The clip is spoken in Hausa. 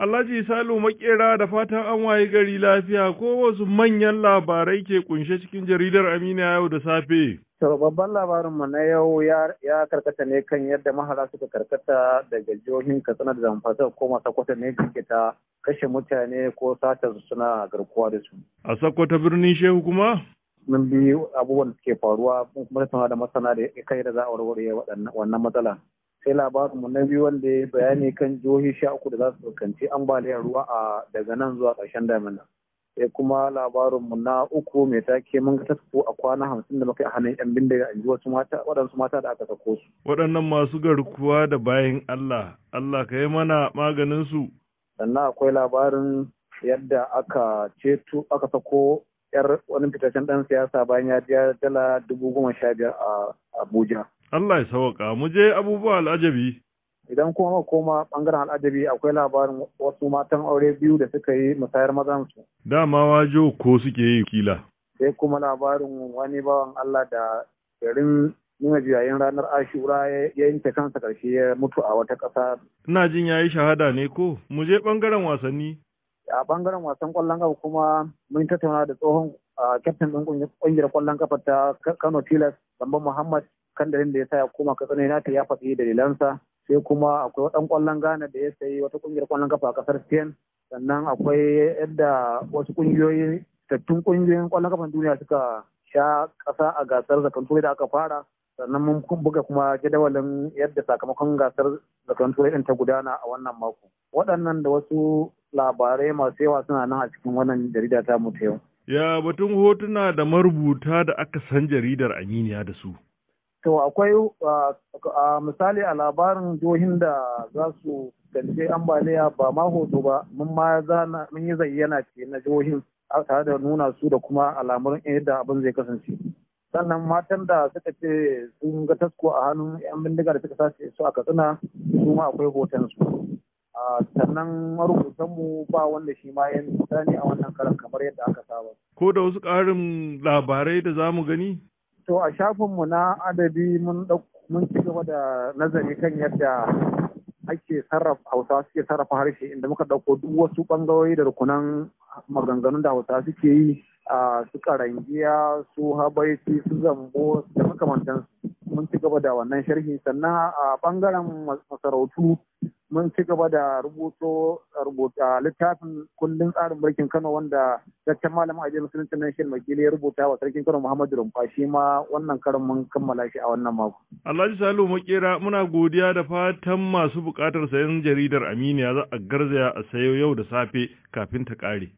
Alhaji Salu Makera da fatan an waye gari lafiya ko wasu manyan labarai ke kunshe cikin jaridar Amina yau da safe. To babban labarinmu na yau ya karkata ne kan yadda mahara suka karkata daga jihohin Katsina da ko koma Sokoto ne suke ta kashe mutane ko sata suna garkuwa da su. A Sokoto birnin Shehu kuma? Mun bi abubuwan da suke faruwa mun kuma da masana da kai da za a warware wannan matsala. sai labarinmu na biyu wanda ya bayani kan jihohi sha uku da za su fuskanci ambaliyar ruwa a daga nan zuwa ƙarshen damina sai kuma labarinmu na uku mai take mun ga a kwana hamsin da muka a hannun yan bindiga a wasu mata waɗansu mata da aka sako su. waɗannan masu garkuwa da bayan Allah Allah ka yi mana maganin su. sannan akwai labarin yadda aka ceto aka sako yar wani fitaccen ɗan siyasa bayan ya biya dala dubu goma sha biyar a Abuja. Allah ya sauƙa mu je abubuwa al'ajabi. Idan kuma koma ɓangaren al'ajabi akwai labarin wasu matan aure biyu da suka yi musayar mazan su. Dama jo ko suke yi kila. Sai kuma labarin wani bawan Allah da garin nuna jiyayen ranar ashura ya yanke kansa ƙarshe ya mutu a wata ƙasa. Ina jin ya yi shahada ne ko mu je ɓangaren wasanni. A ɓangaren wasan ƙwallon kuma mun tattauna da tsohon kyaftin ɗin ƙungiyar ƙwallon kafa ta Kano Tilas Samban Muhammad kandarin da ya sa ya koma Katsina nata ya faɗi dalilansa sai kuma akwai ɗan ƙwallon Ghana da ya sayi wata ƙungiyar ƙwallon kafa a ƙasar Spain sannan akwai yadda wasu ƙungiyoyi tattun ƙungiyoyin ƙwallon kafan duniya suka sha ƙasa a gasar zakan turai da aka fara sannan mun buga kuma jadawalin yadda sakamakon gasar zakan turai ɗin ta gudana a wannan mako waɗannan da wasu labarai masu yawa suna nan a cikin wannan jarida ta mu ta yau Ya batun hotuna da marubuta da aka san jaridar Aminiya da su. To akwai misali a labarin jihohin da za su fuskanci ambaliya ba ma hoto ba mun ma mun yi zayyana ce na jihohin tare da nuna su da kuma alamun da abin zai kasance. Sannan matan da suka ce sun ga tasko a hannun 'yan bindiga da suka sace su a Katsina su ma akwai hoton su. sannan marubutanmu ba wanda shi ma yan a wannan karan kamar yadda aka saba. Ko da wasu ƙarin labarai da za mu gani? To a shafinmu na adabi mun mun ci gaba da nazari kan yadda ake sarrafa hausa suke sarrafa harshe inda muka ɗauko duk wasu ɓangarori da rukunan maganganun da hausa suke yi su karangiya su habaiti su zambo da makamantansu mun ci gaba da wannan sharhi sannan a ɓangaren masarautu mun ci gaba da rubuto rubuta littafin kundin tsarin mulkin Kano wanda dattan malam ajiyar musulunci na shi makili ya rubuta wa sarkin Kano Muhammadu Rumfa shi ma wannan karin mun kammala shi a wannan mako. Alhaji Salihu Makera muna godiya da fatan masu buƙatar sayan jaridar Aminiya za a garzaya a sayo yau da safe kafin ta ƙare.